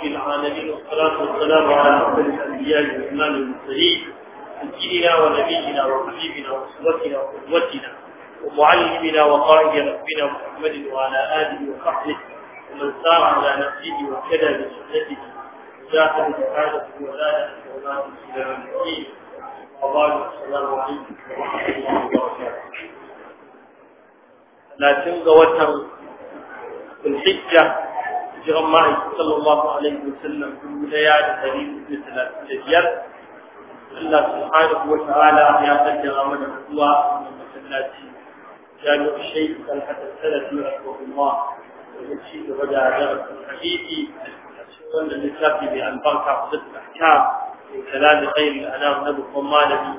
رب العالمين والصلاة والسلام على أفضل الأنبياء والإمام المرسلين سيدنا ونبينا وحبيبنا وأسوتنا وقدوتنا ومعلمنا وقائد ربنا محمد وعلى آله وصحبه ومن سار على نفسه وكذا بسنته ذاته بحاجه وزاد حرمات الإسلام الدين السلام عليكم ورحمة الله وبركاته لا تنسى وتروا الحجة jiran ma'aiki sallallahu alaihi wasallam dubu daya da dari da talatin da biyar Allah subhanahu wa ta'ala ya kaddara mana zuwa masallaci jami'u shaykh talhat al-salafi rahimahullah da shi gaba da darasin hadisi wanda littafi mai albarka kusa da ahkam من كلام خير الأنام نبو الضمالبي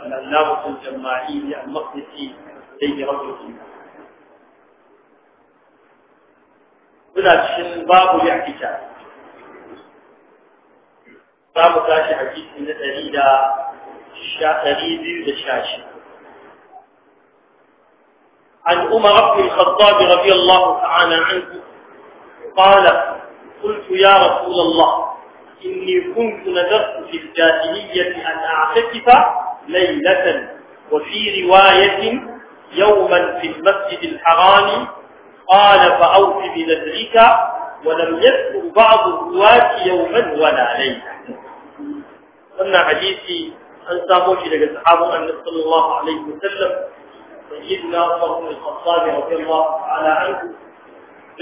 الألام الجماعي المقدسي سيد رجل الله suna cikin babu ya kita za mu tashi hadisi na ɗari da biyu da sha shi عن أمر بن الخطاب رضي الله تعالى عنه قال قلت يا رسول الله إني كنت نذرت في الجاهلية أن أعتكف ليلة وفي رواية يوما في المسجد الحرام قال فأوف بنذرك ولم يذكر بعض الرواة يوما ولا ليلا أن حديثي أن ساموشي لك صحابه أن صلى الله عليه وسلم سيدنا عمر بن الخطاب رضي الله تعالى عنه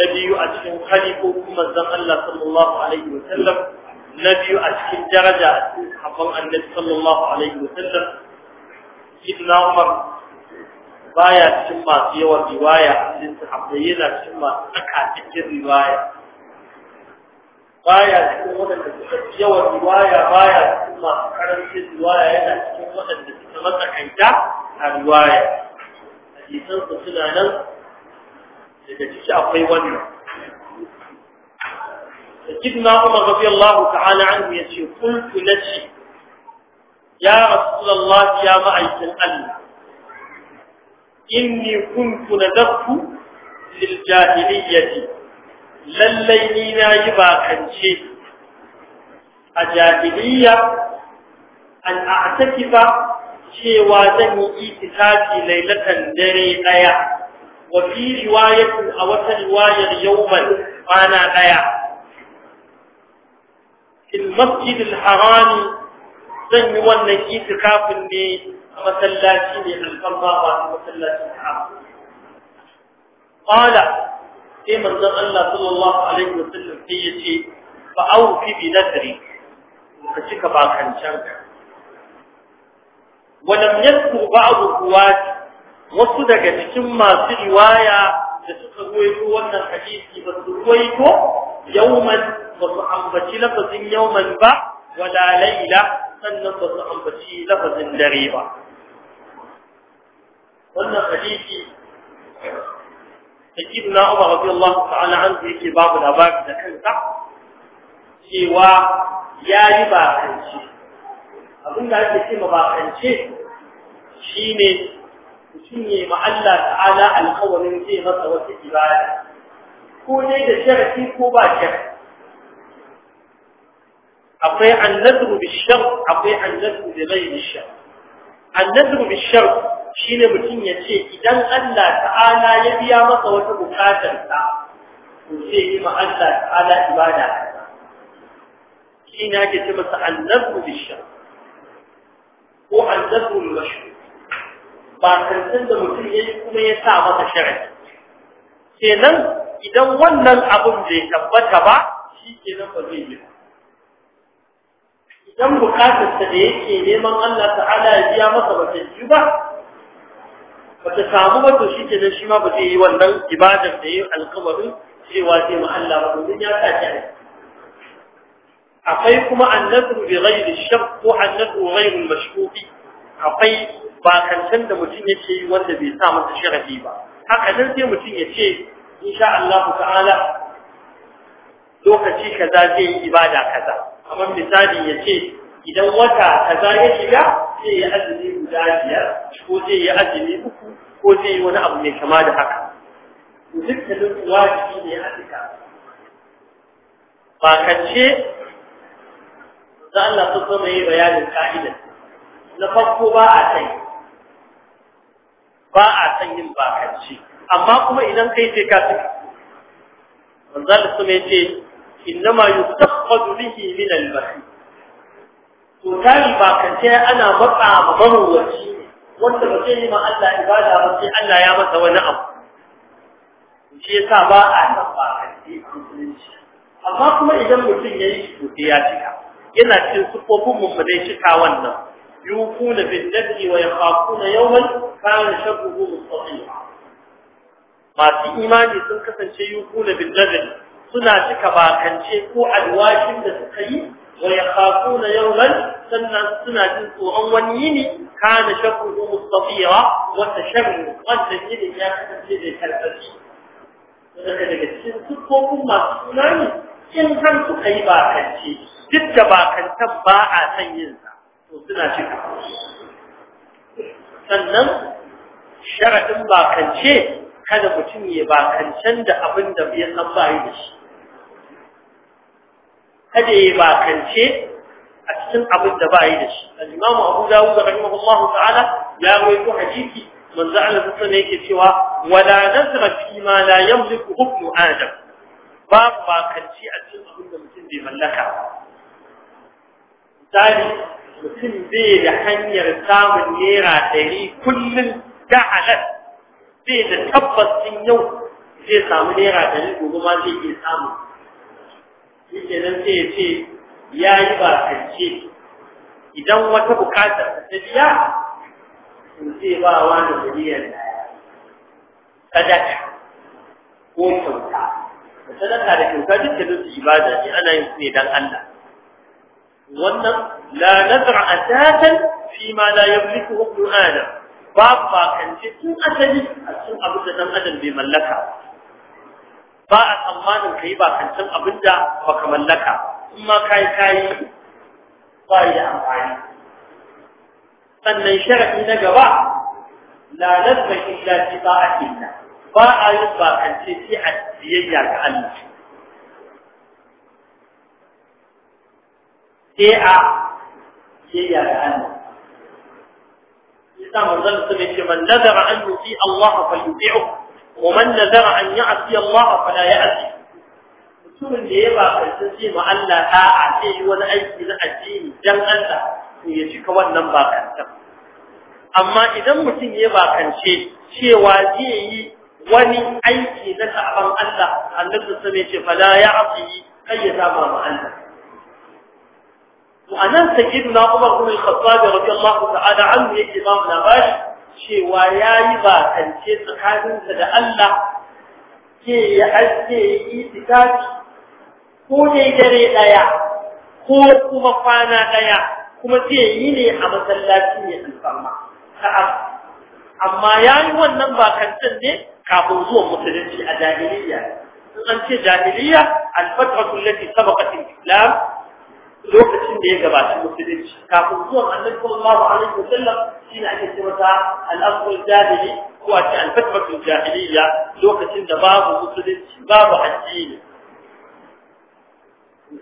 نبي أتكن خليفه كما الله صلى الله عليه وسلم نبي أتكن درجة حفظ النبي صلى الله عليه وسلم سيدنا عمر baya cikin masu yawan riwaya a cikin sahabbai yana cikin masu tsaka cikin riwaya baya cikin waɗanda suka fi yawan riwaya baya cikin masu karancin riwaya yana cikin waɗanda suka masa matsakaita a riwaya hadisan su suna nan daga ciki akwai wannan سيدنا عمر رضي الله تعالى عنه يقول قلت لك يا رسول الله يا معيك الله inni kuntu nadartu lil jahiliyyati lallai ni na yi bakance a jahiliya an a'takifa cewa zan yi itikafi lailatan dare daya wa fi a wata riwayar yawman kwana daya fil masjidil harami zan yi wannan itikafin ne masallaci ne alfarma ba masallacin haram qala sai manzon Allah sallallahu alaihi wasallam sai ya ce fa awfi bi nadri ka cika bakancan ka walam yadku ba'd ruwat wasu daga cikin masu riwaya da suka ruwaito wannan hadisi ba su ruwaito yawman ba su ambaci lafazin yawman ba wala sannan ba su ambaci lafazin dare ba wannan hadisi Sayyid na Umar radiyallahu ta'ala anhu yake babu da babu da kansa cewa ya yi ba kanci abin da ake cewa ba kanci shine mutum ne ma Allah ta'ala alƙawarin zai masa wata ibada ko dai da sharafi ko ba sharafi akwai annadru bishar akwai annadru da bai bishar annadru bishar Shi ne mutum ya ce idan Allah ta'ala ya biya masa wata bukatar sa ko sai yi ma Allah ta'ala ibada shine ake ce masa annabu bishar ko annabu mashru ba kansan da mutum ya yi kuma ya sa masa sharadi kenan idan wannan abun bai tabbata ba shi ke nan ba zai yi ba dan bukatarsa da yake neman Allah ta'ala ya biya masa bata ji ba ba samu ba to shi ke nan shi ma ba zai yi wannan ibadar da yin alkawarin cewa zai mu Allah ba domin ya sa shi akwai kuma annabu bi ghairi shakk ko annadu ghairi mashkuki akwai bakantan da mutum yake yi wanda bai sa masa sharafi ba haka nan sai mutum ya ce insha Allah ta'ala lokaci kaza zai yi ibada kaza kamar misali ya ce idan wata kaza ya shiga zai yi azumi guda biyar ko zai yi azumi uku ko zai yi wani abu mai kama da haka dukkanin wajibi ne a duka ba kace da Allah ta zama yi bayanin ka'idar na farko ba a san ba a san yin bakance amma kuma idan kai ce ka tuka manzo da Inna ma innama yustaqadu bihi min al-bakhil to tari ba kance ana matsa ma marowaci wanda ba zai yi ma Allah ibada ba sai Allah ya masa wani abu shi yasa ba a san ba shi. amma kuma idan mutum ya yi to ya cika yana cikin sufofin mummunai cika wannan yuquna bil nafsi wa yaquna yawman kana sharruhu mustatila masu imani sun kasance yukuna bil suna cika bakance ko alwashin da suka yi wa yakhafuna yawman sannan suna jin tsoron wani yini kana shakku mustafira wa tasharru wanda yini ya kasance da kalbaci daga daga cikin dukkan masu tunani in har suka yi bakance duk da bakantan ba a san yin sa to suna cika sannan sharadin kada mutum ya bakancen da abin da bai yi da shi kada ya bakance a cikin abin da ba yi da shi al-imamu abu dawud rahimahullahu ta'ala ya rawaito hadisi manzo Allah sallallahu alaihi yake cewa wala nasra fi ma la yamliku ibnu adam ba bakance a cikin abin da mutum bai mallaka misali mutum bai da hanyar samun naira ɗari kullum da halal bai da tabbas yau zai samu naira dari, gobe ma zai iya samu yake nan sai ya ce ya yi bakance idan wata bukata ta biya to sai ba wa da miliyan sadaka ko kyauta da sadaka da kyauta duk da su ibada ne ana yin su ne dan Allah wannan la nazra asatan fi ma la yamliku ibn adam babu ce tun asali a cikin abu da dan adam bai mallaka ba a tsammanin ka yi bakantan abin da ba ka mallaka in ma ka kayi ba yi amfani sannan sharaɗi na gaba la nazma illa fi ta'atillah ba a yi bakance sai a biyayya ga Allah Ke a biyayya ga Allah yasa manzon sun ce man nazara an yuti Allah fa yuti'u ومن نذر أن يعصي الله فلا يعصي mutumin da ya bakarci ce ma Allah ta a ce wani aiki na addini dan Allah to ya cika wannan bakantar. amma idan mutum ya bakance cewa zai yi wani aiki na saban Allah annabi sai ya ce fala ya asi kai ya saba ma Allah wa anan sayyiduna Umar bin Khattab radiyallahu ta'ala anhu yake ba mu labari cewa ya yi bakance tsakaninsa da Allah ke ya aske ya yi itikafi ko ne dare ɗaya ko kuma kwana ɗaya kuma zai yi ne a masallaci ne alfarma amma ya yi wannan bakancen ne kafin zuwan musulunci a jahiliya Sun an ce jahiliya alfatratul lati saba al-islam lokacin da ya gabata musulunci kafin zuwan annabi sallallahu alaihi wasallam shi ne ake ce masa al'amfin jahili ko a ce alfatfatun jahiliya lokacin da babu musulunci babu addini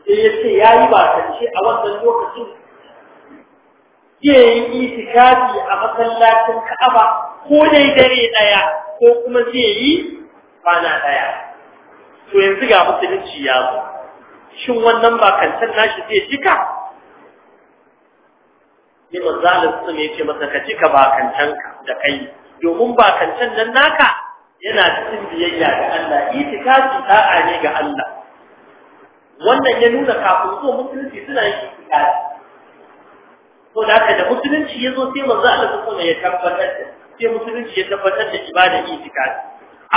sai ya ce ya yi shi a wannan lokacin iya yin itikafi a masallacin ka'aba ko dai dare daya ko kuma zai yi kwana ɗaya to yanzu ga musulunci ya zo shin wannan ba bakancan nashi zai cika? sai manzalin su ne ce masa ka cika bakancanka da kai domin bakancan nan naka yana cikin biyayya ga Allah itikafi ta'a ne ga Allah wannan ya nuna kafin zuwa musulunci suna yin itikafi ko da haka da musulunci ya zo sai manzo Allah su ne ya tabbatar da sai musulunci ya tabbatar da ibada itikafi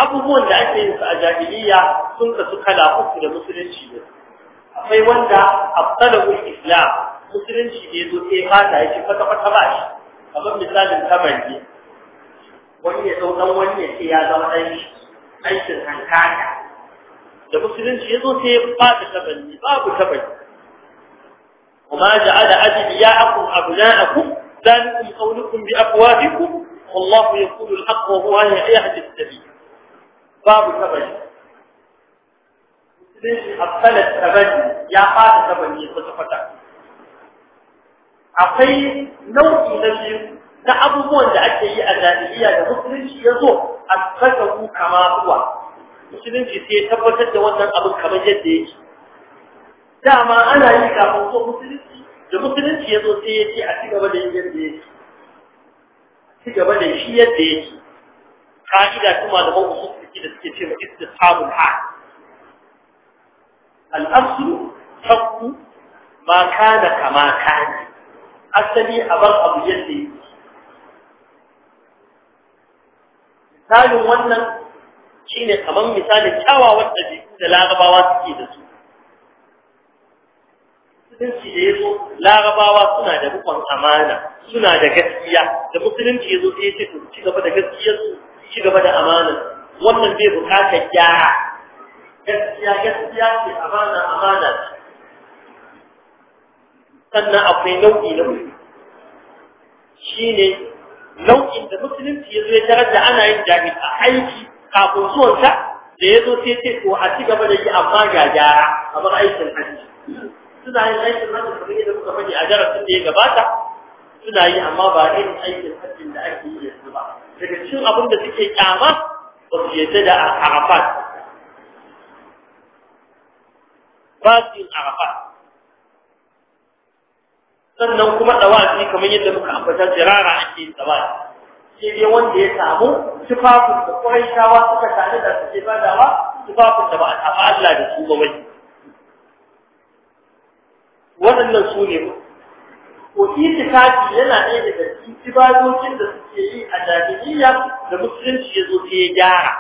abubuwan da ake yin su a jahiliyya sun kasu kala uku da musulunci ne akwai wanda afsalahu islam musulunci ne zo sai fata ya ce kwata kwata ba shi kamar misalin kamar ne wani ya dan wani ya ce ya zama dan shi aikin hankaka da musulunci ya zo sai ya fata tabanni babu tabanni وما جعل أدعياءكم أبناءكم ذلكم قولكم بأقوافكم والله يقول الحق وهو يهدي السبيل باب تبني sun abtalar tabani ya fata tabani kwata akwai nau'i na biyu na abubuwan da ake yi a jami'iyya da musulunci ya zo a saka ku kama zuwa musulunci sai ya tabbatar da wannan abu kamar yadda yake dama ana yi kafin ko musulunci da musulunci ya zo sai ya ce a ci gaba da yin yadda yake ci gaba da shi yadda yake ka'ida kuma da mawu suke da suke ce ma istisabul hal al-aslu hakku ma kana kama kani asali a bar abu yadda yi misalin wannan shine kamar misalin kyawawan ɗabi'u da larabawa suke da su musulunci da ya zo larabawa suna da rukun amana suna da gaskiya da musulunci ya zo ya ce ci gaba da gaskiya su ci gaba da amana wannan bai bukatar gyara gaskiya gaskiya ce amana amana sannan akwai nau'i na Shi ne nau'in da musulunci ya zo ya tarar da ana yin jami'a a aiki kafin zuwansa da ya zo sai ce ko a ci gaba da shi amma ga gyara kamar aikin hajji suna yin aikin hajji kamar yadda muka fadi a darasin da ya gabata suna yi amma ba irin aikin hajji da ake yi yanzu ba daga cikin abin da suke kyama ba su yadda da arafat ba su arafat sannan kuma dawafi kamar yadda muka ambata jirara ake dawafi sai dai wanda ya samu tufafin da shawa suka tare da suke badawa tufafin da ba a taɓa Allah da su ba wai waɗannan su ne ko itikafi yana ɗaya daga cikin ibadocin da suke yi a jami'iyya da musulunci ya zo sai ya gyara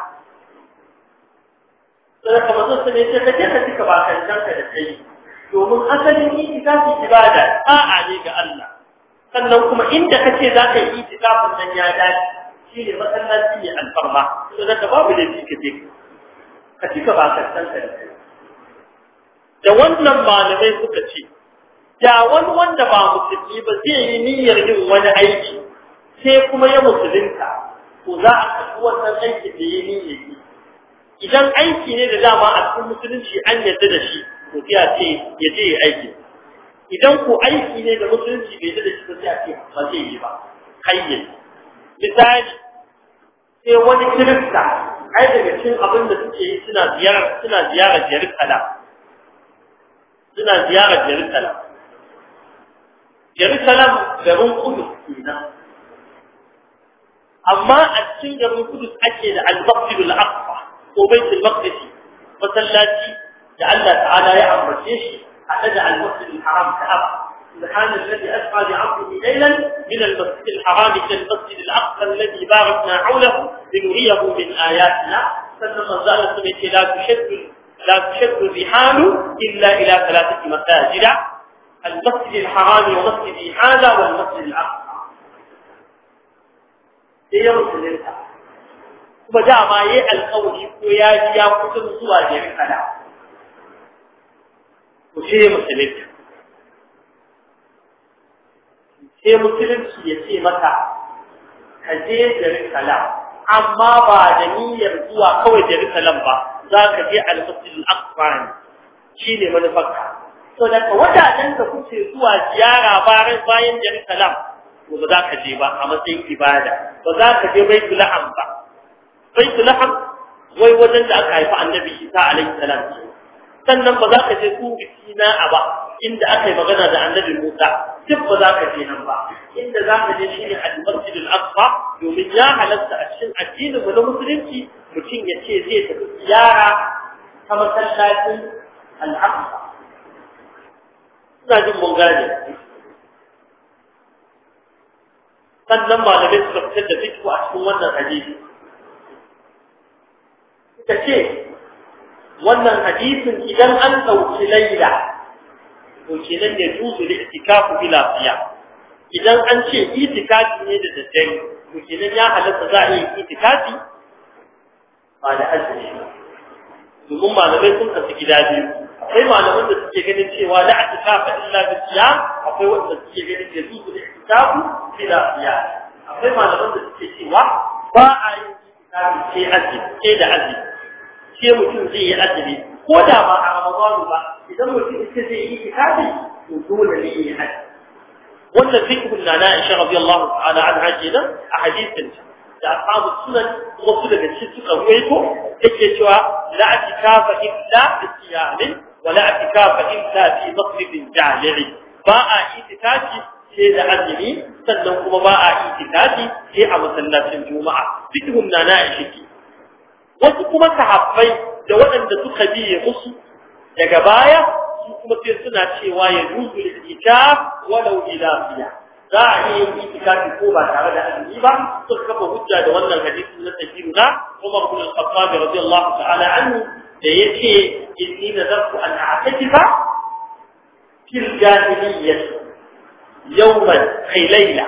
sai ka ne sai ka kace ka tika ba kan kanka da kai domin asalin itikafi ibada a'a ne ga Allah sannan kuma inda kace za ka yi itikafin nan ya dace shine ne masallaci ne alfarma to da babu da shi kace ka ka ba ka san da wannan malamai suka ce da wani wanda ba musulmi ba zai yi niyyar yin wani aiki sai kuma ya musulunta ko za a kasu wannan aiki da ya niyyar idan aiki ne da dama a cikin musulunci an yarda da shi sai a ce ya ya aiki idan ku aiki ne da musulunci bai da shi sai a ce ba zai yi ba hayye misali sai wani kirista ai daga cikin abin da suke yi suna ziyara suna ziyara Jerusalem suna ziyara Jerusalem Jerusalem garin Kudus kenan amma a cikin garin kudu ake da Al-Baqir aqsa ko Baitul Maqdis masallaci لعل تعالى يعرف الجيش ambace shi المسجد الحرام al سبحان الذي أسقى لعبده ليلا من المسجد الحرام إلى المسجد الأقصى الذي باركنا حوله لنريه من آياتنا فلما زال الله لا تشد لا تشد الرحال إلا إلى ثلاثة مساجد المسجد الحرام ومسجد هذا والمسجد الأقصى هي إيه مسجد الأقصى وجاء ما يعلقوا يا يا كتب سوى جميع to sai musulunci sai musulunci ya ce mata ka je Jerusalem amma ba da niyyar zuwa kawai Jerusalem ba za ka je al-Masjid shi ne manufarka to daga wajajen da kuke zuwa ziyara bayan Jerusalem to ba za ka je ba a matsayin ibada ba za ka je baitul laham ba baitul wai wajen da aka haifi annabi Isa alaihi salam sannan ba za ka je kun na ba inda aka yi magana da annabi Musa duk ba za ka je nan ba inda za ka je shine al-Masjid al-Aqsa domin ya halatta a cikin addinin mu na musulunci mutum ya ce zai tafi ziyara ta masallacin al-Aqsa ina jin mun gane sannan malamai suka fitar da fitko a cikin wannan hadisi suka ce wannan hadisin idan an ɗauki laila to kenan ya juzu da itikafu bila siya idan an ce itikafi ne da daddare to kenan ya halatta za a yi itikafi ba da azumi domin malamai sun kasu gida biyu akwai malaman da suke ganin cewa la itikafa illa bi siya akwai wanda suke ganin ya juzu da itikafu bila siya akwai malaman da suke cewa ba a yi itikafi sai azumi sai da azumi sai mutum zai yi azumi ko da ba a Ramadan ba idan mutum ita zai yi itikafi to dole ne yi haji wannan fiqhun na Aisha radiyallahu ta'ala anha kenan a hadisin Da da ashabu sunan wasu daga cikin suka waiko yake cewa la itikafa illa bi siyamin wa la itikafa illa fi masjidin jami'i ba a itikafi sai da azumi sannan kuma ba a itikafi sai a masallacin juma'a fiqhun na Aisha wasu kuma sahabbai da waɗanda suka biye musu daga baya su kuma sai suna cewa ya ruzu da ita walau ila fiya za a iya yin itikafi ko ba tare da azumi ba suka kafa hujja da wannan hadisi na sahihu na Umar bin Al-Khattab radiyallahu ta'ala anhu da yake inni nadartu an a'takifa fil jahiliyyah yawman kay layla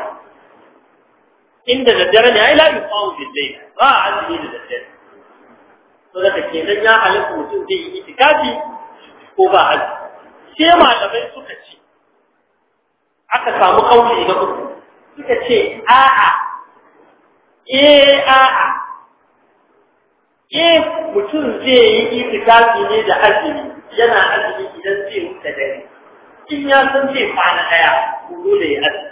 inda da dare ne ai la yuqawu bil layl ba azumi da to da kake dan ya halatta mutum zai yi itikafi ko ba haji sai malamai suka ce aka samu kauli na uku suka ce a'a eh a'a eh mutum zai yi itikafi ne da azumi yana azumi idan zai wuce dare in ya san zai kwana daya ko dole ya azumi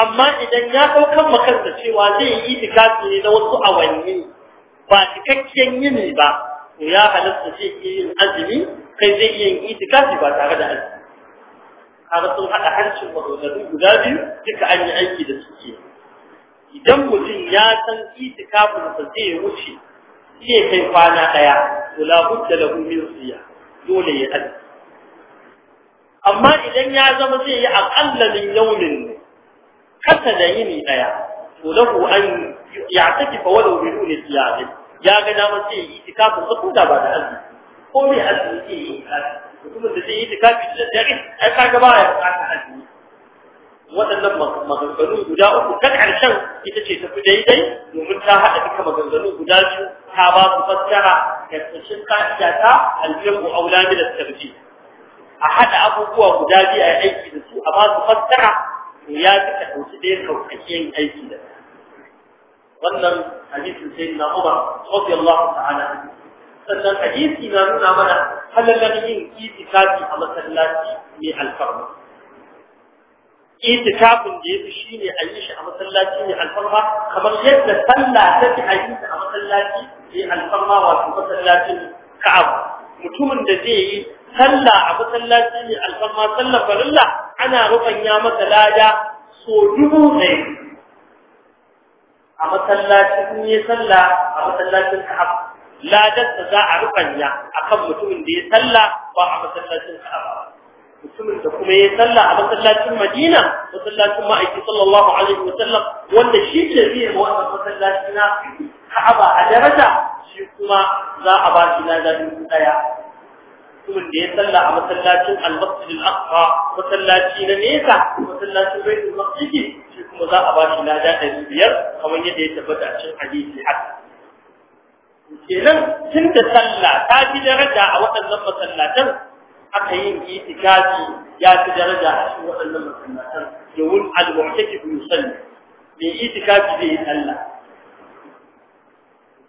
amma idan ya ɗaukar makansa cewa zai yi itikafi ne na wasu awanni ba cikakken yini ba to ya halatta shi ke yin azumi kai zai iya yin itikafi ba tare da azumi kaga sun haɗa hancin maganganun guda biyu duka an yi aiki da su ke idan mutum ya san itikafin sa zai wuce zai kai kwana ɗaya to la budda lahu min siya dole ya azumi amma idan ya zama zai yi aƙalla min yaumin ne kasa da yini ɗaya to lahu an ya'takifa walau bi duni siyamin ya ga damar sai yi itikafin wasu, ko da ba da azumi ko mai azumi sai yi mutumin da zai yi itikafi da dare ai ka ga ba ya bukata azumi waɗannan maganganu guda uku kan harshen ita ce tafi daidai domin ta haɗa duka maganganu guda biyu ta ba su fassara da ƙarshen ta ta alfiyanku aula da tarji a haɗa abubuwa guda biyu a aiki da su a ba su fassara to ya fi ta ɗauki ɗaya sauƙaƙen aiki da su wannan hadisin sai na Umar Allahu ta'ala sannan hadisi na nuna mana halalan yin itikafi a masallaci mai alfarma itikafin da yafi shine a yi shi a masallaci mai alfarma kamar yadda sallah ta fi a yi a masallaci mai alfarma wato masallacin Ka'aba mutumin da zai yi sallah a masallaci mai alfarma sallah farilla ana rubanya masa lada so dubu ɗaya a masallacin in yi sallah a masallacin ka'aba ladarsa za a rukanya akan mutumin da ya sallah ba a masallacin ka'aba mutumin da kuma ya sallah a masallacin Madina masallacin ma'aiki sallallahu alaihi wa sallam wanda shi ke biye wa wannan masallaci na a daraja shi kuma za a ba shi lada dubu daya mutumin da ya salla a masallacin al-masjid aqsa masallaci na nesa masallacin baitul masjid shi kuma za a bashi lada ɗari biyar kamar yadda ya tabbata a cikin hadisi haka kenan tun da sallah ta fi daraja a waɗannan masallatan aka yin itikafi ya fi daraja a cikin waɗannan masallatan domin al-mu'takif yusalli mai itikafi zai yi sallah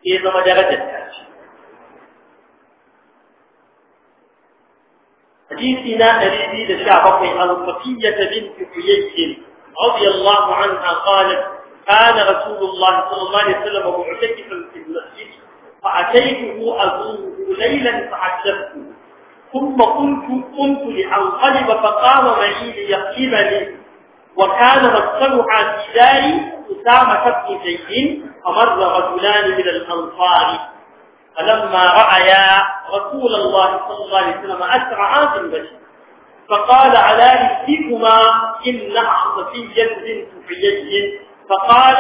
Ke zama darajar ta ce حديثنا الذي لشعبه عن صفية بنت حيي رضي الله عنها قالت كان رسول الله صلى الله عليه وسلم معتكفا في المسجد فأتيته أزوره ليلا فعجبته ثم قلت قمت لأنقلب فقام معي ليقلبني وكان مستمع في داري أسامة بن زيد فمر رجلان من الأنصار فلما رأيا رسول الله صلى الله عليه وسلم أسرعا في البشر فقال على إبتكما إن أعطفيا بنت حيي فقال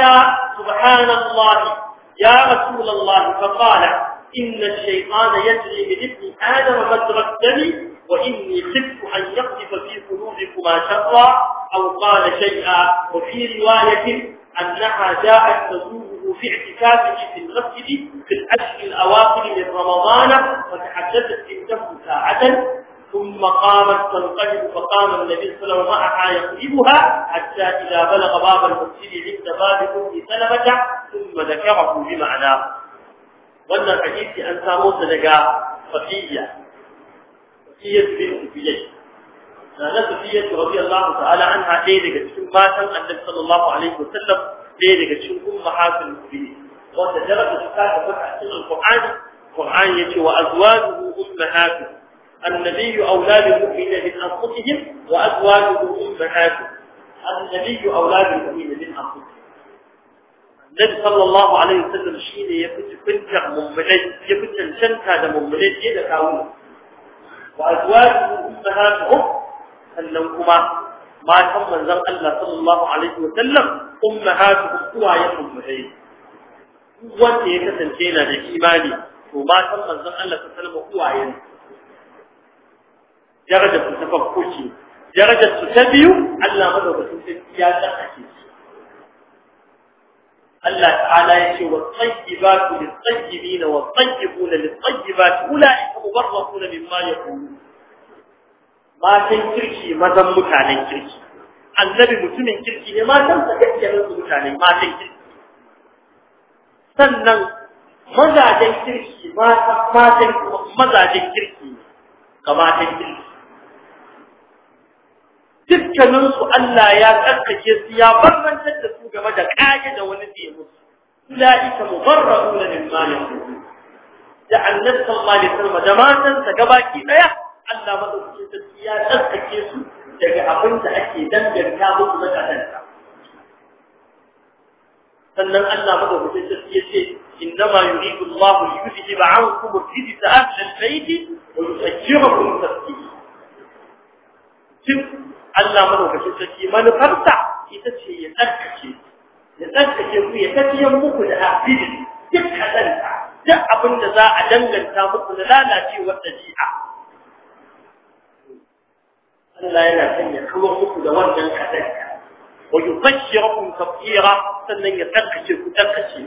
سبحان الله يا رسول الله فقال إن الشيطان يجري من ابن آدم مجرى الدم وإني خفت أن يقذف في قلوبكما شرا أو قال شيئا وفي رواية أنها جاءت تزور وفي اعتكافه في المسجد في الأشهر الأواخر من رمضان وتحدثت بنته ساعة ثم قامت تنقلب فقام النبي صلى الله عليه وسلم معها يقلبها حتى إذا بلغ باب المسجد عند باب أم سلمة ثم ذكره بمعناه وأن الحديث أن ساموس لقى صفية صفية بنت بليل صفية رضي الله تعالى عنها ɗaya daga مات النبي صلى الله عليه وسلم ɗaya daga cikin mahasin biyu wanda su ta a cikin wa azwajuhu النبي أولاد المؤمنين من أنفسهم وأزواجه أمهاتهم النبي أولاد المؤمنين من أنفسهم النبي صلى الله عليه وسلم شيني يبت كنت مملج يبت كنت هذا مملج يدك أولا وأزواجه أمهاتهم أنهما matan manzon Allah sallallahu alaihi wa ummahatuhum uwayakum muhayi wanda ya kasance yana da imani to matan manzon Allah sallallahu alaihi wa sallam uwayen darajar ta farko ce darajar ta biyu Allah madaukakin sarki ya tsaka الله تعالى يشي والطيبات للطيبين والطيبون للطيبات أولئك مبرقون مما يقولون matan kirki mazan mutanen kirki annabi mutumin kirki ne matan sa kake su mutanen matan kirki sannan mazajen kirki matan mazajen kirki ne ga matan kirki dukkaninsu Allah ya tsarkake su ya barbantar da su game da kage da wani zai musu ulaika mubarra'una mimma yaqulu da annabi sallallahu alaihi wasallam da sa gabaki daya Allah madaukakin sarki ya tsarkake su daga abin da ake danganta musu na kasanta sannan Allah madaukakin sarki ya ce إنما يريد الله ليذهب عنكم الرجس أهل البيت ويسجركم تسجيلا duk Allah madaukakin sarki manufarta ita ce ya tsarkake ya tsarkake ku ya tafiyar muku da hafidin duk kadanta duk abin da za a danganta muku na lalacewar dabi'a ويبشركم تبكيرا سنة يتقشر كتقشر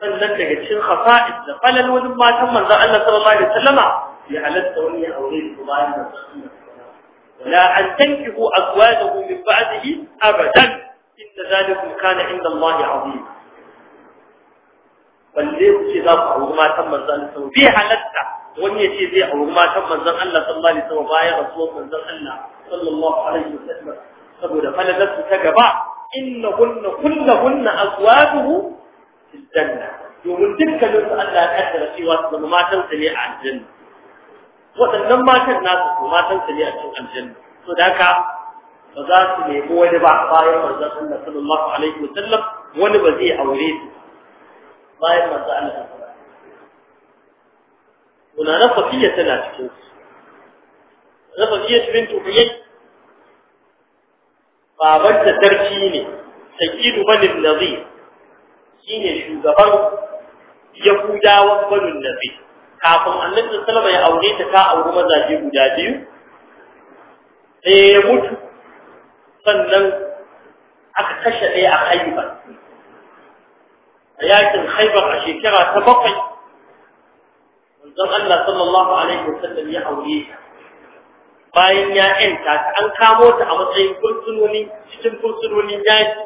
سنة يتقشر خصائص قال الولماء ثم انظر أن صلى الله عليه وسلم لعلى الثورية أولي الظلام لا أن تنكهوا أزواجه من بعده أبدا إن ذلك كان عند الله عظيما فالليل شذافه وما ثم انظر أن صلى الله عليه وسلم wani ya ce zai auri matan manzon Allah sallallahu alaihi wasallam bayan rasuwar manzon Allah sallallahu alaihi wasallam saboda falalarsu ta gaba innahunna kullahunna azwajuhu fil janna domin dukkanin su Allah ya kaddara cewa su zama matan sa ne a aljanna waɗannan matan nasu ko matan sa ne a cikin aljanna so da haka ba za su nemi wani ba bayan manzon Allah sallallahu alaihi wasallam wani ba zai aure su bayan manzon Allah kuna na tana cikin na safiya bin tuhiyai babar da sarki ne sayyidu banin nazir shine shugaban yahudawa banin nazir kafin annabi sallama ya aure ta ta auri mazaje guda biyu sai ya mutu sannan aka kashe ɗaya a haibar a yakin haibar a shekara ta bakwai manzon Allah sallallahu alaihi wasallam ya aure ta bayan ya enta ta an kamo ta a matsayin fursunoni cikin fursunonin daji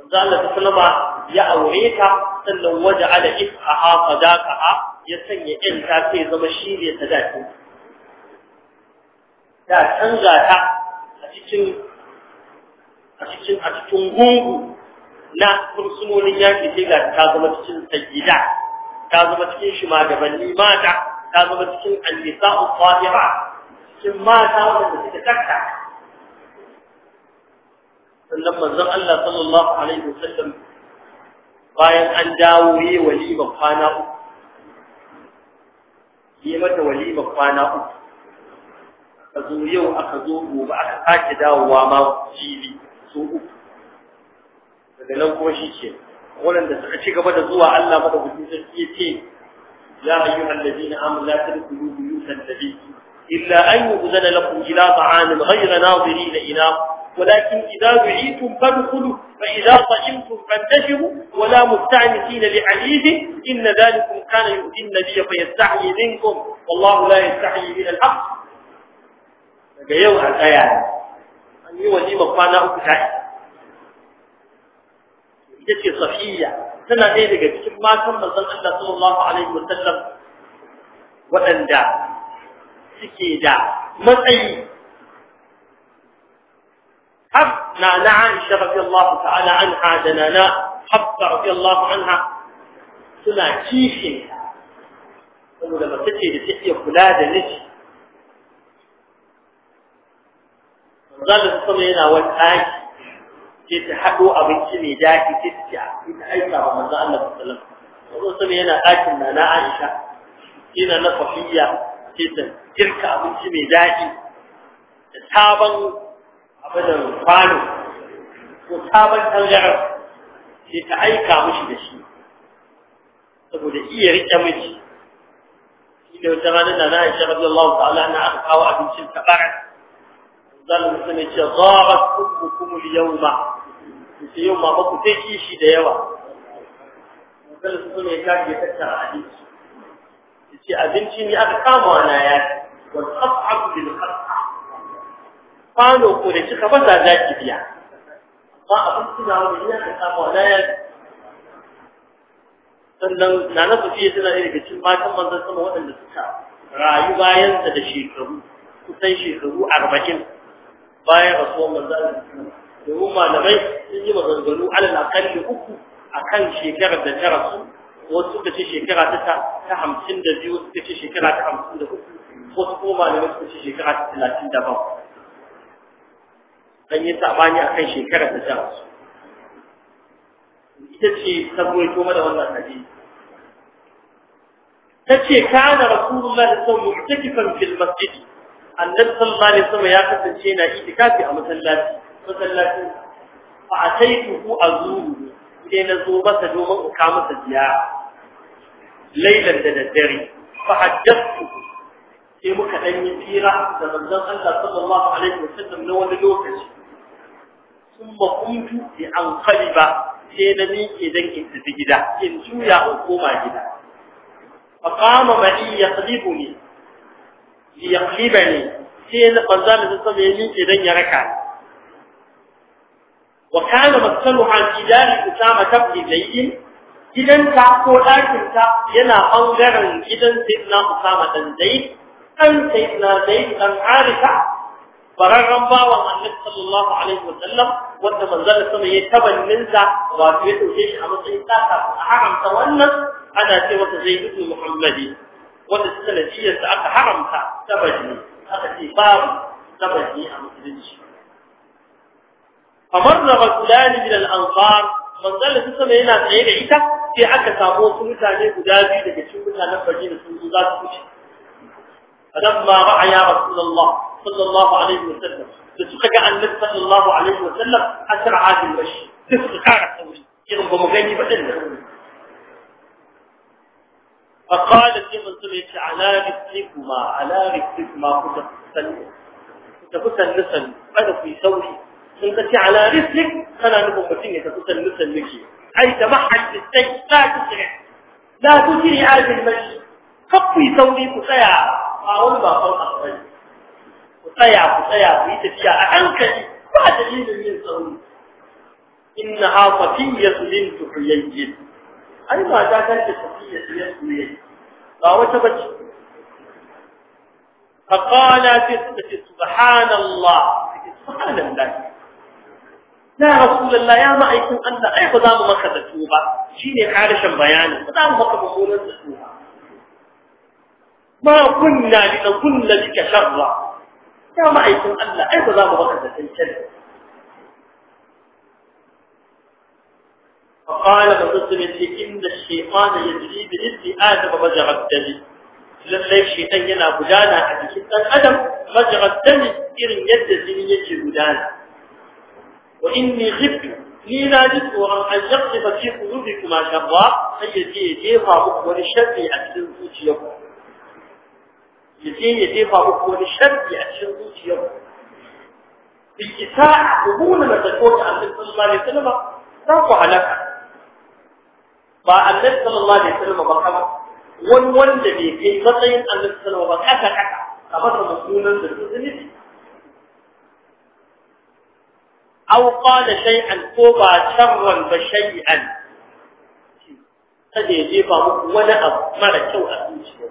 manzon Allah sallama ya aure ta sannan waja'ala ifha fadaqaha ya sanya enta ta zama shi ne sadaki ta canza ta a cikin a cikin a cikin gungu na fursunonin yaki sai ga ta zama cikin sayyida ta zama cikin shi mata ta zama cikin annisa'u ba, cikin mata wanda suka takka sannan manzon Allah sallallahu alaihi wasallam bayan an dawo yi walima kwana uku yi mata walima kwana uku aka zo yau aka zo gobe aka sake dawowa ma jibi so uku daga nan kuma shi ce. waɗanda suka ci gaba da zuwa Allah madaukakin sarki ya ce ya ayyuhal ladina amanu la tadkhulu buyutan nabi illa an yu'zana lakum ila ta'amin ghayra nadirin ila ولكن إذا دعيتم فادخلوا فإذا طعمتم فانتشروا ولا مستعنسين لحديث إن ذلكم كان يؤذي النبي فيستحيي منكم والله لا يستحيي من الحق daga yau a tsaya an yi walimar kwana uku tashi ita ce safiya tana ɗaya daga cikin matan manzon Allah sallallahu alaihi wasallam waɗanda suke da matsayi har na na Aisha radiyallahu ta'ala anha da na na Hafsa radiyallahu anha suna kishin saboda mace ce da ta iya kula da miji manzon Allah sallallahu alaihi wasallam yana wani ɗaki sai ta haɗo abinci mai daɗi ke ta ci ah, ita aika wa manzo Allah sallallahu alaihi wasallam yana dakin Nana Aisha ina na Safiya sai ta girka abinci mai daɗi da sabon abadan kwano ko sabon tangaran sai ta aika mishi da shi saboda iya riƙe miji inda wata ranar na na Aisha radiyallahu ta'ala na aka abincin tabarak zan mutum ya ce zarat ummukum al-yawma yau mama ku sai kishi da yawa sai su ne ta ke tattara abinci ce abinci ne aka kama na ya wal qas'atu bil qas'a fano ko da kika za ki biya ba abinci da wani ne ka kama na ya sannan nana tafiye tana iri daga cin matan manzan sama waɗanda suka rayu bayansa da shekaru kusan shekaru arba'in bayan rasuwar manzon sama domin malamai sun yi maganganu alal akalli uku kan shekarar da ta rasu wasu suka ce shekara ta ta hamsin da biyu suka ce shekara ta hamsin da uku wasu kuma malamai suka ce shekara ta talatin da bakwai an yi sabani kan shekarar da ta rasu ita ce ta goyito mana wannan hadisi tace kana rasulullahi sallallahu alaihi wasallam mu'takifan fil masjid annabi sallallahu alaihi wasallam ya kasance na itikafi a masallaci masallacin fa ataituhu azuru sai na zo masa domin in ka masa biya. lailan da daddare fa hajjatu sai muka dan yi tira da manzon Allah sallallahu alaihi wasallam na wani lokaci kuma kuntu bi an qaliba sai na ke dan in tafi gida in juya in koma gida fa qama ma'i yaqlibuni li yaqlibani sai manzon Allah sallallahu alaihi wasallam ya miƙe ya raka wa kana masaluha fi dari usama tabni zayd gidan ta ko dakin ta yana bangaren gidan sayyidina usama ɗan zayd dan sayyidina zayd dan harisa bararran bawan annabi sallallahu alaihi wasallam wanda manzon sama ya tabannin sa wato ya dauke shi a matsayin tsaka a haramta wannan ana ce masa zayd ibn muhammadi wanda sanadiyar aka haramta tabanni aka babu a musulunci kamar da rasulani min al-ansar su sama yana tsaye da ita sai aka samu wasu mutane guda biyu daga cikin mutanen Madina sun zo za su فلما راى رسول الله صلى الله عليه وسلم فسكت عن النبي صلى الله عليه وسلم اسرع بالمشي تسخر قوي irin ba mu gani ba فقال في منزل يتي على رفقكما على رفقكما كنت تسلم كنت تسلم فلو في سوري انت على رسلك قال انا ابو فتيه تتصل مثل المشي اي تمحك السج لا تسرع لا تجري هذا المشي خطي ثوبي قطيع اقول ما فوق اخوي قطيع قطيع بيت فيها انكلي ما دليل من ثوبي انها فتيه بنت حيي اي ما جاءت فتيه بنت حيي لا وجبت فقالت سبحان الله سبحان الله ya rasulullah ya ma'aikin Allah ai ba za mu maka da tuba shine karishin bayani ba za mu maka mummunan da tuba ma kunna linakunna bika sharra ya ma'aikin Allah ai ba za mu maka da tuba فقال مسلم إن الشيطان يجري بإذن آدم مجرى الدم لله الشيطان ينا بدانا حديث أن آدم مجرى الدم إذن يد الدم يجري بدانا wa inni ghibtu ni na ji tsoron an yaqifa fi qulubikum sharra sai ya jefa muku wani a cikin zuciyarku ya je ya jefa muku wani a cikin zuciyarku bi isa'a qubuna da takota annabi sallallahu alaihi wasallam ba ba kama wani wanda ne ke matsayin annabi sallallahu alaihi wasallam ba kaka haka kamar masa masunan da su aw qala shay'an ko ba sharran ba shay'an kada ya ba muku wani abu mara kyau a zuciya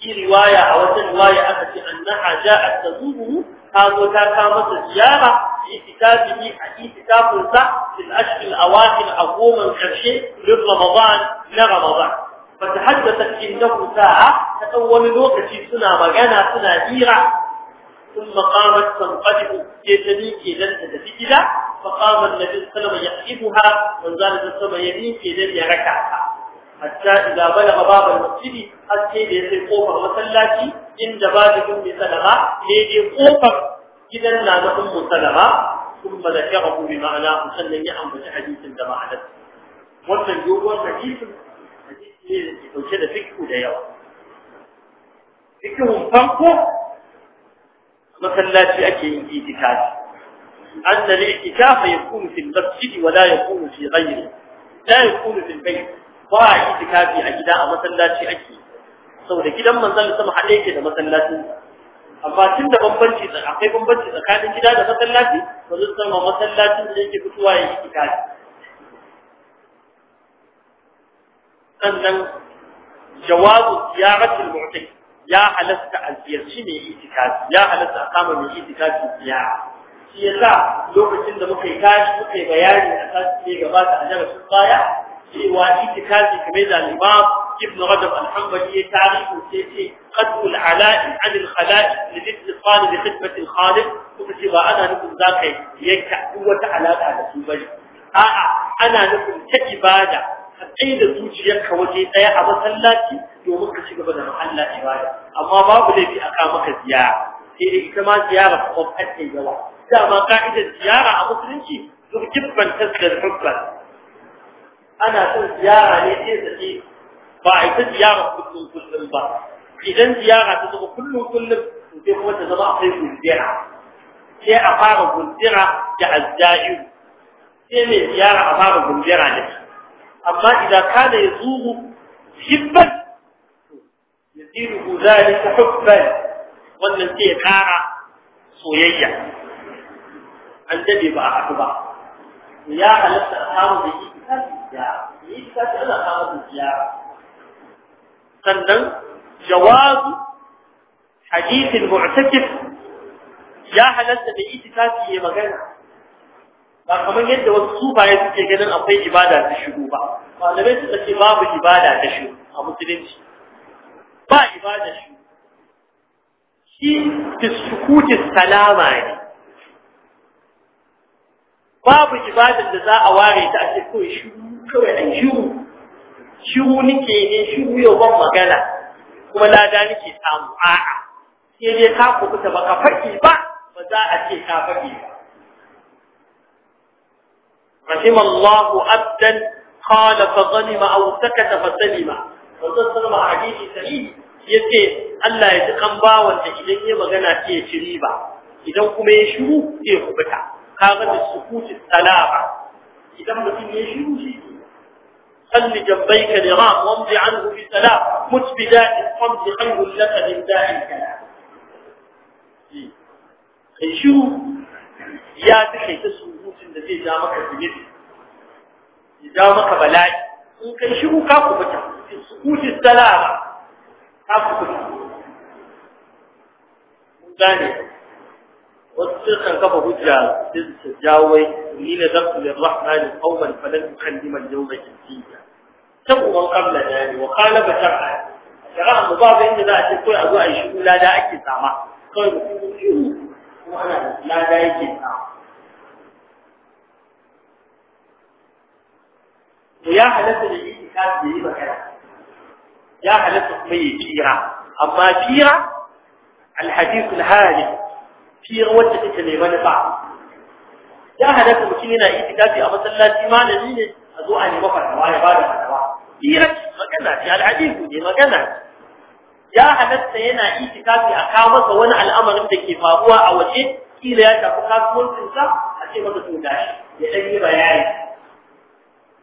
fi riwaya a wata riwaya aka ce annaha ja'at tazuhu ta zo ta kawo masa ziyara itikafihi a itikafinsa fil ashri al-awakhir a goman karshe min ramadan na ramadan فتحدثت إنه ساعة تأول الوقت سنة مغانا سنة ديرة ثم قامت تنقلب ke ta miƙe don ta tafi gida fa qamar nabi sallama ya ibuha wan zala ta sama ya miƙe don ya raka ta hatta idza balaga bab al masjid sai kofar masallaci inda ba da kun bi sadaqa ne kofar gidan na da kun musallama kun ba da kafa ku bi ma'ana sannan ya ambata hadisin da ma'ana dogon hadisin hadisi ne da ke da fiqhu da yawa fiqhu farko masallaci ake yin itikafi anna al ya yakunu fil masjid wa la yakunu fi ghayri la yakunu fil bayt ba itikafi a gida a masallaci ake saboda gidan manzon sama hade ke da masallaci amma tun da bambanci akwai bambanci tsakanin gida da masallaci wani sama masallacin da yake fitowa ya yi itikafi sannan jawabu ziyaratul mu'taqi يا حلست الفيرشيني اتكاد يا حلست أقام من اتكاد في الزياع سيزا لوك سند مكي كاش مكي بياني أساس في جبات أجابة سلطايا سيوا اتكاد في كميزة الإمام ابن رجب الحمد هي تاريخ سيسي قدم العلاء عن الخلاء لذي اتصال لخدمة الخالق وكسيبا أنا نكون ذاكي يكع قوة على هذا سيبالي آآ آه، آه، أنا نكون تجبانا أين زوجيك وكي تيحب سلاتي domin ka ci gaba da Allah ibada amma babu laifi a ka maka ziyara sai dai ita ma ziyara ta kwafar da yawa dama ka'idar ziyara a musulunci duk kibban tasdar hukban ana son ziyara ne sai ta ce ba a ita ziyara kullum kullum ba idan ziyara ta zama kullum kullum sai kuma ta zama akwai gundira sai a fara gundira da azza'iru sai mai ziyara a fara gundira ne. amma idan kana ya zuru hibban يزيده ذلك حبا ومن تيقاع صويا عن دبي بقى أكبر يا ألسى أخاره بيئة الزيارة بيئة الزيارة أنا أخاره بالزيارة قلنا جواز حديث المعتكف يا ألسى بيئة الزيارة هي مغانا فمن يد والصوبة يتكلم أبي إبادة الشروبة فأنا بيئة الزيارة إبادة الشروبة أبو تلينشي ba ibada shi shi sukuti salama ne babu ibadar da za a ware ta ake kawai shiru kawai an shiru shiru nike ne shiru yau ban magana kuma lada nike samu a'a sai dai ka kubuta ba ka faɗi ba ba za a ce ka faɗi ba رحم الله عبدا قال فظلم أو سكت فسلم wannan sallama hadisi sahihi yace Allah ya ji kan bawon idan ya magana ce ci ba. idan kuma ya shiru sai kubuta kaga da sukuti salama idan mutum ya shiru shi خل جنبيك لراء وامضي عنه بسلام متبداء الصمت خير لك من داء الكلام kai shiru ya ta kai ta surutun da zai ja maka zunubi ya ja maka bala'i in kai shiru ka kubuta sukuti salama haku kuma gane wasu kan kafa hujja sai su jawo ni ne zan kula da rahmani qawman falan ukallima al-yawma jinniya sabu wan qabla dani wa qala ba shar'a shar'a mu ba ga inda za a ce koi a zo a yi shi kula da ake sama kai ku ku ku ana la da yake sama ya halatta da yi kafi da yi magana ya halatta kuma yi fira amma fira alhadith alhali fira wacce take mai manufa ya halatta mutum yana itikafi a masallaci malami ne a zo a nemi fatawa ya bada fatawa fira magana ce alhadith ne magana ya halatta yana itikafi a kawo masa wani al'amarin da ke faruwa a waje kila ya shafi kasuwancinsa a ce masa ya yi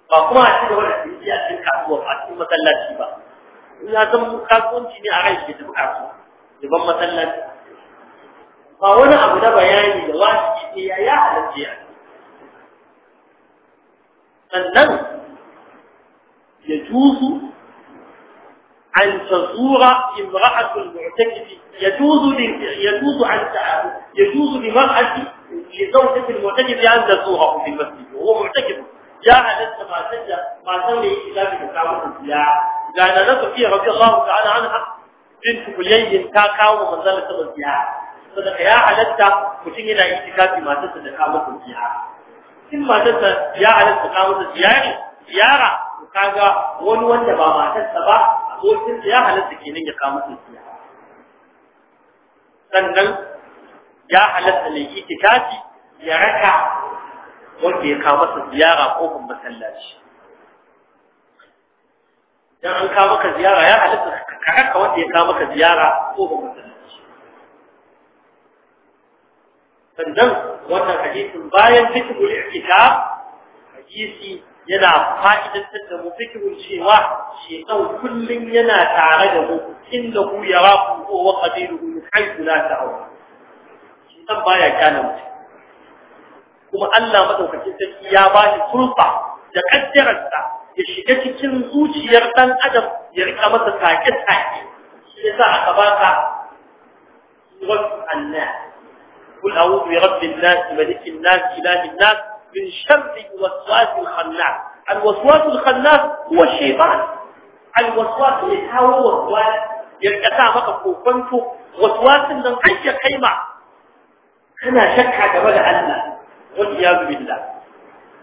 ba kuma a cikin wani a cikin kasuwa a cikin masallaci ba ya zama kasuwanci ne a rai shi duk kasu liban masallaci ba wani abu na bayani da يجوز أن تزور امرأة المعتكف يجوز يجوز يجوز لمرأة لزوجة المعتكف أن تزوره في المسجد وهو معتكف جاء لست ما ما إلى بمقامة الزياع gana na tafiya rabbi Allah ta'ala anha bint kulayyin ta kawo manzon ta ziyara saboda ya halatta mutum yana itikafi matarsa da kawo masa ziyara in matarsa ya halatta kawo masa ziyara ziyara kaga wani wanda ba matarsa ba ko abokin ya halatta kenan ya kawo masa ziyara sannan ya halatta mai itikafi ya raka wanda ya kawo masa ziyara kofin masallaci dan an ka maka ziyara ya halitta ka kakka wanda ya ka maka ziyara ko ba masallaci sannan wannan hadisin bayan fitul i'tikaf hadisi yana fa'idantar da mu fikirun cewa shekan kullum yana tare da mu inda ku yara ku ko wa qadiruhu haythu la shi shekan baya kana mu kuma Allah madaukakin sarki ya ba shi furfa da kaddararsa ya shiga cikin zuciyar ɗan adam ya rika masa take-take ya sa aka ba ka wasu anna kul a'udhu bi rabbin nas malikin nas ilahin nas min sharri waswasil khannas alwaswasul khannas huwa shaytan alwaswas ne kawo waswas ya rika sa maka kokonto waswasin nan an ya kaima kana shakka game da Allah wal iyadu billah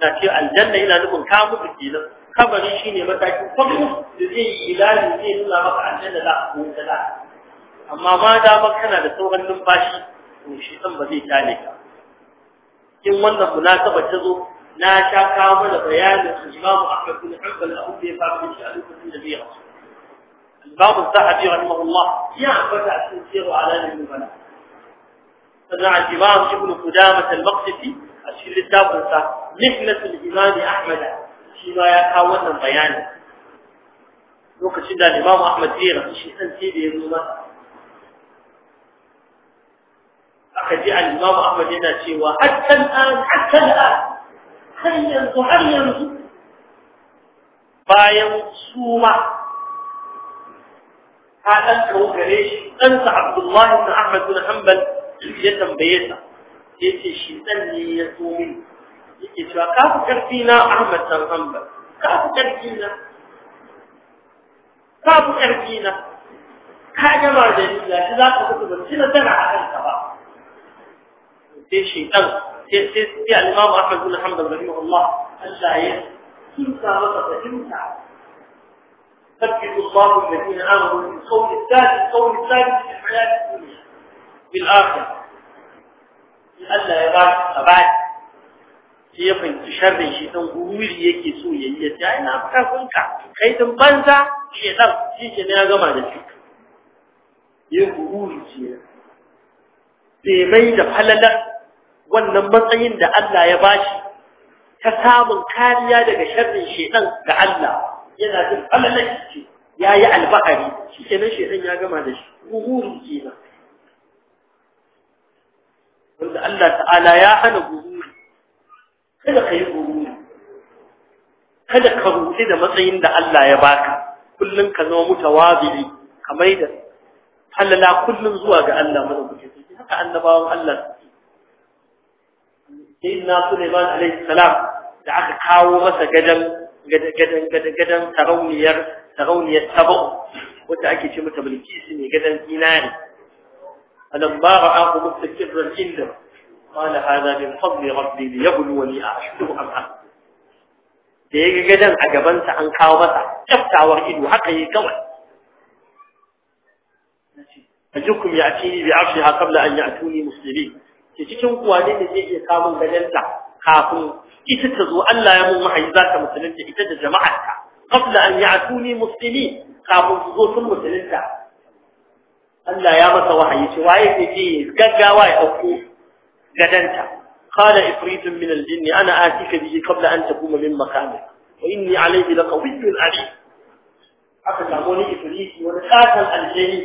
na ce aljanna ina nufin ka mutu kenan kabari shine matakin farko da zai yi ilahi zai nuna maka aljanna za a kuma da amma ma da ba kana da sauran numfashi to shi san ba zai tale ka in wannan munasaba ta zo na sha kawo mana bayanin Imam Ahmad bin Hanbal abu da ya faru shi a lokacin da bai rasu Imam Zahabi rahimahullah ya ambata cikin sirru alamin nubala sannan Imam Ibn Qudamah al-Maqdisi a cikin littafinsa mihlatul imami ahmad shi ma ya kawo wannan bayani lokacin da imam ahmad ya rasu shi san sai da ya zo masa aka ji al-imam ahmad yana cewa hatta al-an hatta al-an har yanzu har yanzu bayan suma ta ɗan kawo gare shi ɗansa Abdullahi na Ahmad bin Hanbal ya tambaye sa yake shi dan ne ya so min yake cewa ka ku karfi na Ahmad dan Hanbal ka ku karfi na ka ku karfi na ka ga ba da ni ga shi za ka ku ba shi na tana a kan ka ba sai shi dan sai sai sai imam Ahmad bin Hanbal rahimahullah Allah ya kinsa masa fahimta فكر الله الذين امنوا بالقول الثالث القول الثالث في الحياه الدنيا في الاخره Allah ya ba shi sabani shi ya fahimci sharrin shi dan guri yake so ya yi ya ce ai na kafinka kai din banza shi dan shi ke ya gama da shi ya guri ce bai mai da falalar wannan matsayin da Allah ya bashi ta samun kariya daga sharrin shedan ga Allah yana jin falalar shi ya yi albahari shi kenan shedan ya gama da shi guri na. wanda Allah ta'ala ya hana gururi kada ka yi gururi kada ka rufe da matsayin da Allah ya baka kullum ka zama mutawazi kamar da halala kullum zuwa ga Allah madaukakin sarki haka annabawan Allah na Sulaiman alaihi salam da aka kawo masa gadan gadan gadan gadan sarauniyar sarauniyar tabu wata ake ce mata bilkisu ne gadan zinari فلما رآه مستكرا عنده قال هذا من فضل ربي ليبلوني أأشكر أم أكفر da ya ga gadon a gabansa an kawo masa kyaftawar ido haka yi kawai ajukum ya ci bi arshi ha kabla an ya'tuni muslimin ke cikin kuwa ne da zai iya kamun gadonta kafin ita ta zo Allah ya mun wahayi za ta musulunta ita da jama'arta kabla an ya'tuni muslimin kafin su zo sun musulunta Allah ya masa wahayi ce waye ke ji gaggawa ya dauko gadanta qala ifritun min al-jinni ana atika bihi qabla an takuma min makamik wa inni alayhi laqawiyyun alim aka samu ni ifriti wani katon aljini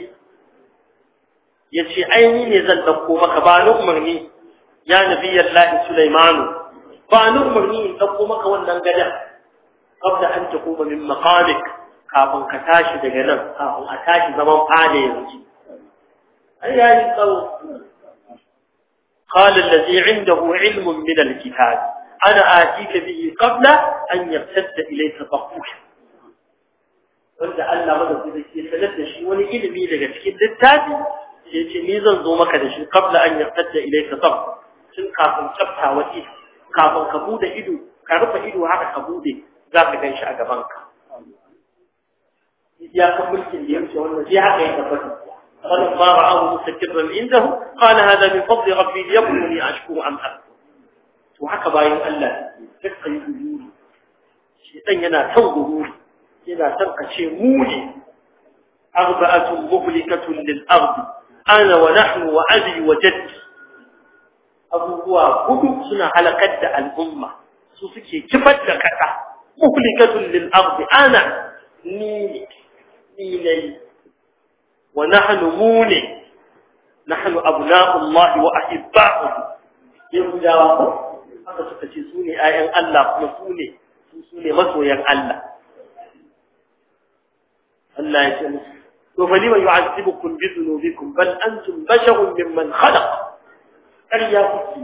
yace aini ne zan dauko maka ba ni umarni ya nabiyallahi sulaimanu ba ni umarni in dauko maka wannan gadan qabla an takuma min makamik kafin ka tashi daga nan kafin a tashi zaman fada yanzu ai yayi tsawo قال الذي عنده علم من الكتاب أنا آتيك به قبل أن يرتد إليك بقوك wanda Allah madaukakin sarki ya sanar da shi wani ilimi daga cikin littafi sai ce ni zan zo maka da shi kabla an yartadda ilayka sab tun kafin tsafta wati kafin ka bude ido ka rufe ido haka ka bude za ka a gabanka. ya mulkin haka ya فلما رآه مستكبرا عنده قال هذا من فضل ربي ليبلوني أشكر أم أكفر وحكى باين ألا تبقى يقولون الشيطان ينا تنظرون ينا تبقى شيء مولي أغبأة مهلكة للأرض أنا ونحن وأبي وجدي أبوه هدو سنة على قد الأمة سوسكي كبت كتا مهلكة للأرض أنا نيني نيني wa nahnu mune nahnu abna'ullah wa ahibba'uhu yahudawa ko haka suka ce su ne ayan Allah kuma su ne su ne masoyan Allah Allah ya ce musu to fa lima yu'azzibukum bi dhunubikum bal antum basharun mimman khalaq ƙarya kuke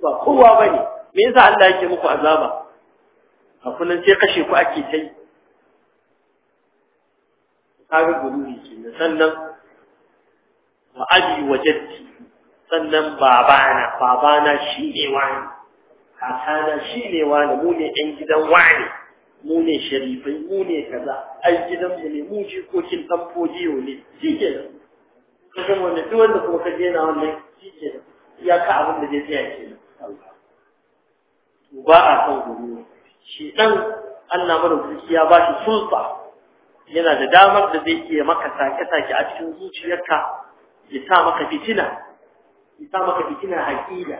ba kowa bane me yasa Allah yake muku azaba a kullun sai kashe ku ake kai. kaga gururi kenan sannan wa abi wa jaddi sannan babana babana shi ne wani kakana shi ne wani mu ne ɗan gidan wani mu ne sharifai mu ne kaza ai gidan mu ne mu jikokin ɗan fodiyo ne shi ke kasan wanda duk wanda kuma ka jena wannan shi ke ya ka abin da zai tsaya ke ba a son gururi shi ɗan Allah mana ya ba shi sulfa yana da damar da zai iya maka sake-sake a cikin zuciyarka ya sa maka fitina ya sa maka fitina a ƙila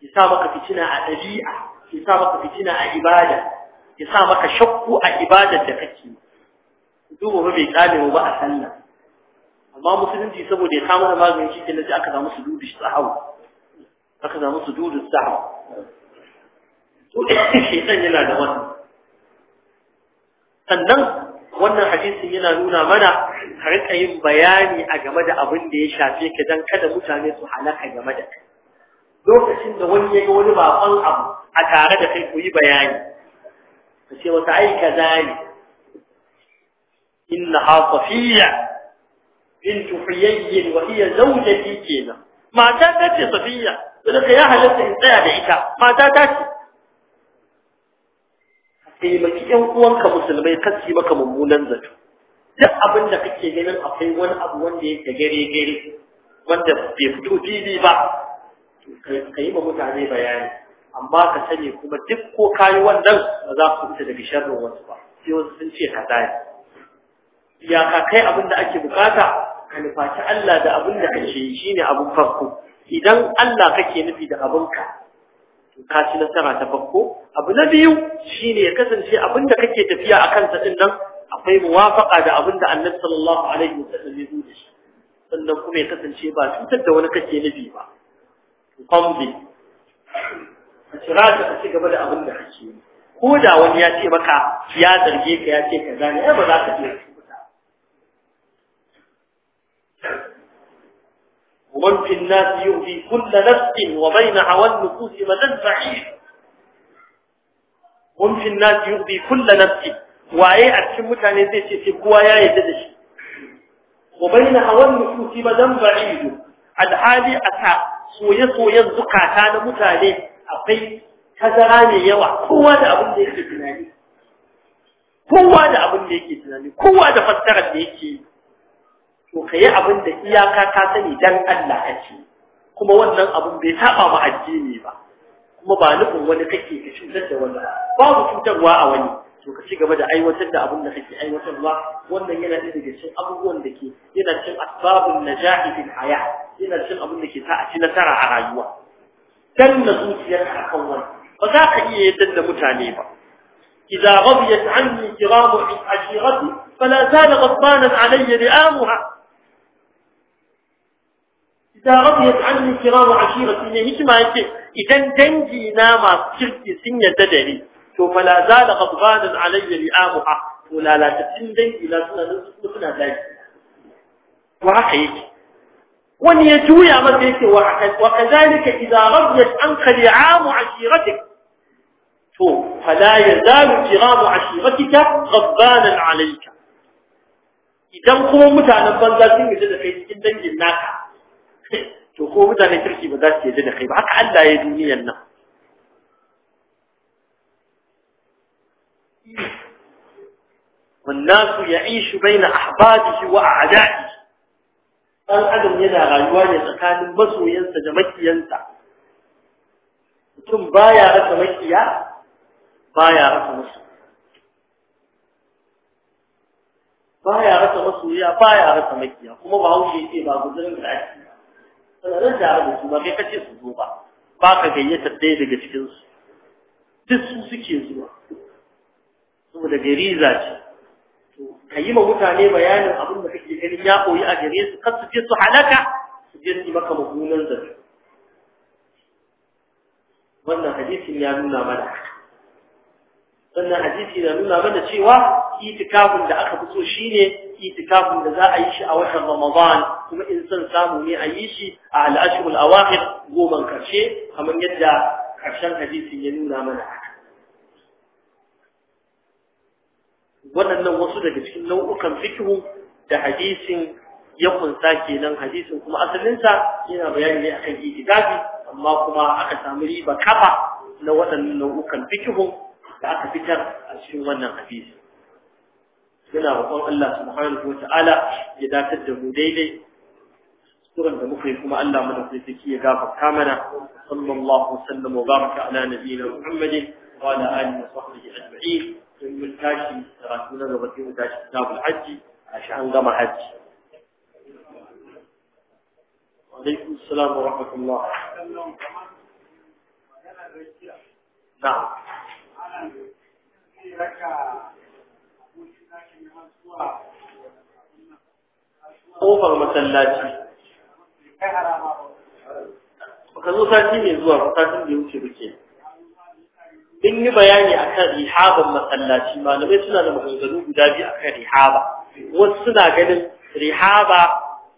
ya sa maka fitina a ɗabi'a ya sa maka fitina a ibada ya sa maka shakku a ibadar da kake duba ba bai kame ba a sallah amma musulunci saboda ya kama da maganin shi kenan aka samu su dudu sahawu aka samu su dudu sahawu to shi yana da wannan sannan wannan hadisin yana nuna mana ka rika yin bayani a game da abin da ya shafe ka dan kada mutane su halaka game da kai lokacin da wani ya ga wani baban abu a tare da kai ku yi bayani ka ce wata ai kaza ne inna ha bint huyayy wa hiya zawjati kenan mata ta ce safiya ya halatta in tsaya da ita mata ta ce taimaki yan uwanka musulmai kasi maka mummunan zato duk abin da kake ganin akwai wani abu wanda yake gare gare wanda bai fito fili ba ka yi ma mutane bayani amma ka sani kuma duk ko yi wannan ba za ku fita daga sharrin wasu ba sai wasu sun ce ka Ya ka kai abin da ake bukata ka nufaci Allah da abin da kake yi shine abin farko idan Allah kake nufi da abinka ka ci nasara ta farko abu na biyu shi ne ya kasance abin da kake tafiya a kansa din nan akwai muwafaƙa da abin da annabi sallallahu alaihi wasallam ya zo shi sannan kuma ya kasance ba cutar da wani kake nufi ba kwambi a kira ta ka ci gaba da abin da kake yi ko da wani ya ce maka ya zarge ka ya ce ka gane ai ba za ka je ومن في الناس يؤذي كل نفس وبين عوى النفوس مدى البعيد ومن في الناس يؤذي كل نفس وعي أرشم كان يزيش في قوايا يزيش وبين عوى النفوس مدى البعيد الحالي أتا سوية سوية زقا كان متالي أقي كذراني يوع قوة أبو الليك جناني قوة أبو الليك جناني قوة فترة ليكي to ka yi abin da iyaka ka sani dan Allah ake kuma wannan abin bai taɓa ma addini ba kuma ba nufin wani kake ka cutar da wani babu cutarwa a wani to ka ci gaba da aiwatar da abin da kake aiwatarwa wannan yana da daga cikin abubuwan da ke yana cikin asbabun najahi fil haya yana cikin abin da ke sa a ci nasara a rayuwa dan na zuciyar ka kan wani ba za ka iya yadda da mutane ba idza ghadiyat anni kiramu ashirati fala zala ghadbanan alayya li'amuha da radiyat anni kiram ashirati ne hikima yake idan dangi na masu kirki sun yadda da ni to fa la zala qadbanan alayya li'amuha to lalatattun dangi na suna nan suna dai wa haka yake wani ya juya masa yake wa kazalika idza radiyat anka li'amu ashiratik to fa la yazalu kiramu ashiratika qadbanan alayka idan kuma mutanen banza sun yi da kai cikin dangin naka تقوم ده نتركي بدات يا دنيا خيب عك على يا دنيا لنا والناس يعيش بين أحبابه وأعدائه قال عدم يدا غيوان يتقال المسو ينسى جمك ثم بايا رسى مكيا بايا رسى مسو بايا رسى مسو بايا رسى مكيا وما بعوشي إيه بابو إيه، ذلك إيه. suna nan tare su ba kai kace su zo ba ba ka gayyata ɗaya daga cikin su duk su suke zuwa saboda gariza ce to ka yi ma mutane bayanin abin da kake ganin ya koyi a gare su kar su je su halaka su je su maka mummunan zato wannan hadisin ya nuna mana Wannan hadisi na nuna mana cewa itikafin da aka fi so shine itikafin da za a yi shi a watan Ramadan kuma in zan samu ne a yi shi a al'ashirul awakhir goman karshe kamar yadda karshen hadisin ya nuna mana waɗannan wasu daga cikin nau'ukan fikihu da hadisin ya kunsa kenan hadisin kuma asalinsa yana bayani ne akan itikafi amma kuma aka samu riba kafa na waɗannan nau'ukan fikihun da aka fitar a cikin wannan hadisi yana roƙon Allah subhanahu wata'ala ya dakatar da mu daidai سورة المخرج كما أن من أخرجكي غافر كامنا صلى الله وسلم وبارك على نبينا محمد وعلى آله وصحبه أجمعين ثم الكاشي تراكمنا لغتي متاشي كتاب الحج عشان قام حج وعليكم السلام ورحمة الله نعم ƙofar masallaci kai ba ka zo sati mai zuwa ba satin da ya wuce in yi bayani akan rihaban masallaci malamai suna da maganganu guda biyu akan rihaba wasu suna ganin rihaba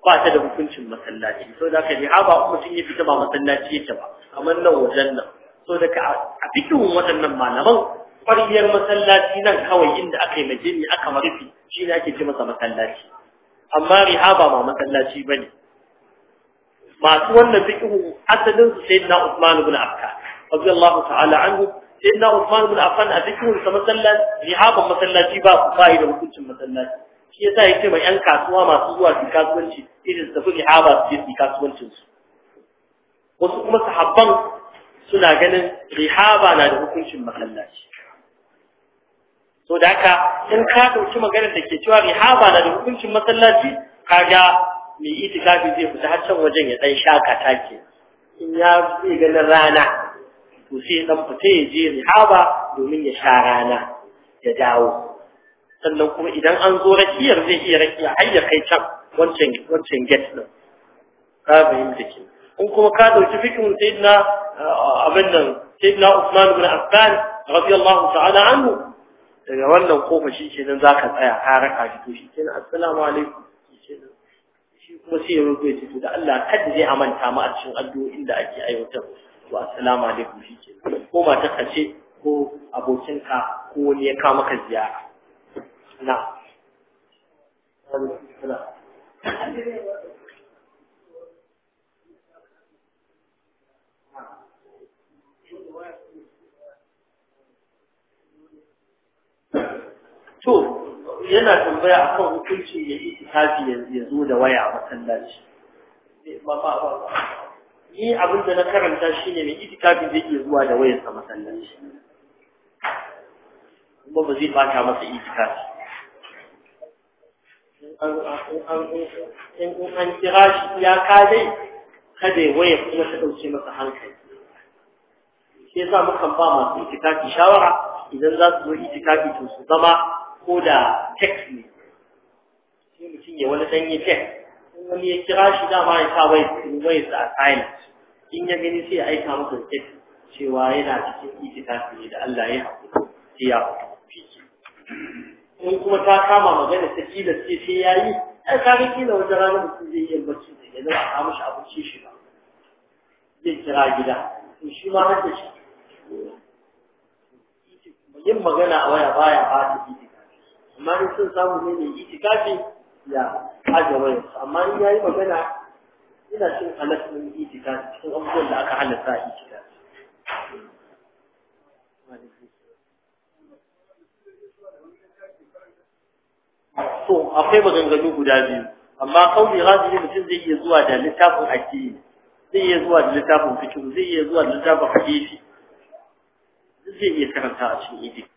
ba ta da hukuncin masallaci sau da ka rihaba kuma mutum ya fita ba masallaci yake ba amma nan wajen nan so da ka a cikin waɗannan malaman ƙwariyar masallaci nan kawai inda aka yi majini aka marufi shi ne ake ce masa masallaci amma rihaba ba masallaci ba ne masu wannan fiqhu asalin su na Uthman ibn Affan Allahu ta'ala anhu sayyidina Uthman ibn Affan a fiqhu sa masallaci haba masallaci ba ku fa'i da hukuncin masallaci shi yasa yake ba yan kasuwa masu zuwa su kasuwanci irin da su rihaba su je kasuwancin su wasu kuma sahabban suna ganin rihaba na da hukuncin masallaci so da haka in ka dauki maganar da ke cewa rihaba na da hukuncin masallaci kaga mai itikafi zai fita har can wajen ya ɗan shakata ke in ya zai ganin rana to sai dan fita ya je rihaba domin ya sha rana ya dawo sannan kuma idan an zo rakiyar zai iya rakiya har ya kai can wancan wancan gate din ka fahimta ke in kuma ka dauki fikin sayyidina ah, abin nan sayyidina Usman ibn Affan radiyallahu ta'ala anhu daga wannan kofa shi kenan zaka tsaya ka raka shi to shi kenan assalamu alaikum kuma sai ya rubuta ya ce da Allah kada zai amanta mu a cikin addu'o'in da ake aiwatar to assalamu alaikum shike ko mata kace ko abokinka ko wani ya kawo maka ziyara na to yana tambaya akan hukuncin ya yi tafi yanzu ya zo da waya a masallaci eh, ni abin da na karanta shi ne mai itikafi zai iya zuwa da wayarsa masallaci kuma ba zai bata masa itikafi in an kira shi ya kadai kada ya waya kuma ta ɗauke masa hankali sai sa kan ba masu itikafi shawara idan za su zo itikafi to su zama ko da text ne shi mutum ya wani danyi text in wani ya kira shi dama ya sa wai wai sa silent in ya gani sai ya aika masa text cewa yana cikin ta ne da Allah ya haƙuri sai ya fiki in kuma ta kama magana ta kila sai sai yayi ai ka ga kila wata rana mutum zai yi bacci da ya zama a mishi abinci shi ba zai kira gida to shi ma haka shi yin magana a waya baya ba ta amma in sun samu ne mai kafi ya haja wani amma in yayi magana ina cin halattun kafi cikin abubuwan da aka halatta a kafi So, akwai maganganu guda biyu amma kauli razi mutum zai iya zuwa da littafin addini zai iya zuwa da littafin fikiru zai iya zuwa da littafin hadisi zai iya karanta a cikin idiki